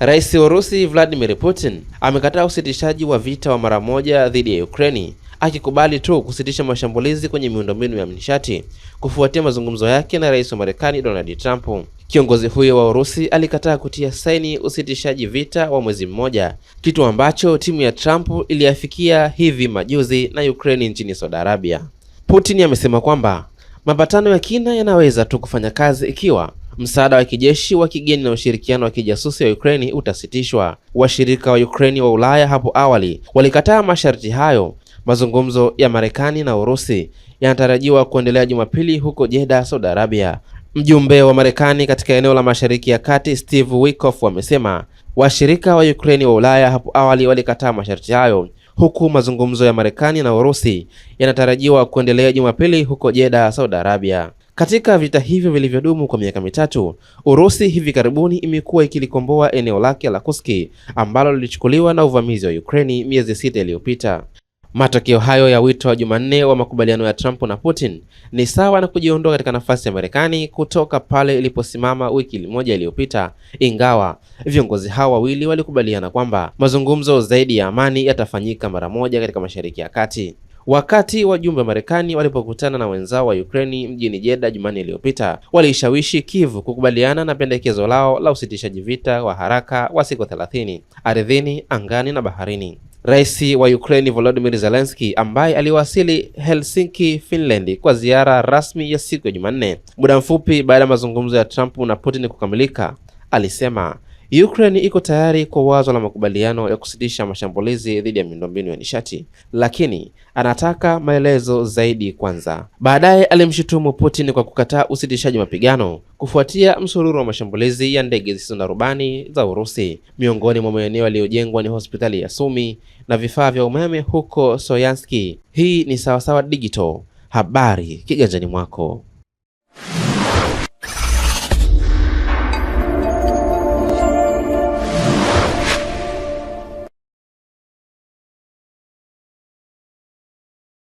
Rais wa Urusi Vladimir Putin amekataa usitishaji wa vita wa mara moja dhidi ya Ukraini, akikubali tu kusitisha mashambulizi kwenye miundombinu ya nishati kufuatia mazungumzo yake na Rais wa Marekani Donald Trump. Kiongozi huyo wa Urusi alikataa kutia saini usitishaji vita wa mwezi mmoja, kitu ambacho timu ya Trump iliafikia hivi majuzi na Ukraini nchini Saudi Arabia. Putin amesema kwamba mapatano ya kina yanaweza tu kufanya kazi ikiwa msaada wa kijeshi wa kigeni na ushirikiano wa kijasusi wa Ukraini utasitishwa. Washirika wa Ukraini wa Ulaya hapo awali walikataa masharti hayo. Mazungumzo ya Marekani na Urusi yanatarajiwa kuendelea Jumapili huko Jeddah, Saudi Arabia. Mjumbe wa Marekani katika eneo la Mashariki ya Kati, Steve Witkoff, amesema washirika wa Ukraini wa Ulaya hapo awali walikataa masharti hayo huku mazungumzo ya Marekani na Urusi yanatarajiwa kuendelea Jumapili huko Jeddah, Saudi Arabia. Katika vita hivyo vilivyodumu kwa miaka mitatu, Urusi hivi karibuni imekuwa ikilikomboa eneo lake la Kursk ambalo lilichukuliwa na uvamizi wa Ukraine miezi sita iliyopita. Matokeo hayo ya wito wa Jumanne wa makubaliano ya Trump na Putin ni sawa na kujiondoa katika nafasi ya Marekani kutoka pale iliposimama wiki moja iliyopita, ingawa viongozi hao wawili walikubaliana kwamba mazungumzo zaidi ya amani yatafanyika mara moja katika Mashariki ya Kati. Wakati wajumbe wa Marekani walipokutana na wenzao wa Ukraini mjini Jeddah Jumanne iliyopita, waliishawishi Kiev kukubaliana na pendekezo lao la usitishaji vita wa haraka wa siku 30 ardhini, angani na baharini. Rais wa ukraini Volodymyr Zelensky ambaye aliwasili Helsinki, Finland kwa ziara rasmi ya siku ya Jumanne, muda mfupi baada ya mazungumzo ya Trump na Putin kukamilika, alisema Ukraine iko tayari kwa wazo la makubaliano ya kusitisha mashambulizi dhidi ya miundombinu ya nishati, lakini anataka maelezo zaidi kwanza. Baadaye alimshutumu Putin kwa kukataa usitishaji mapigano kufuatia msururu wa mashambulizi ya ndege zisizo na rubani za Urusi. Miongoni mwa maeneo yaliyojengwa ni hospitali ya Sumi na vifaa vya umeme huko Soyanski. Hii ni Sawasawa Digital, habari kiganjani mwako.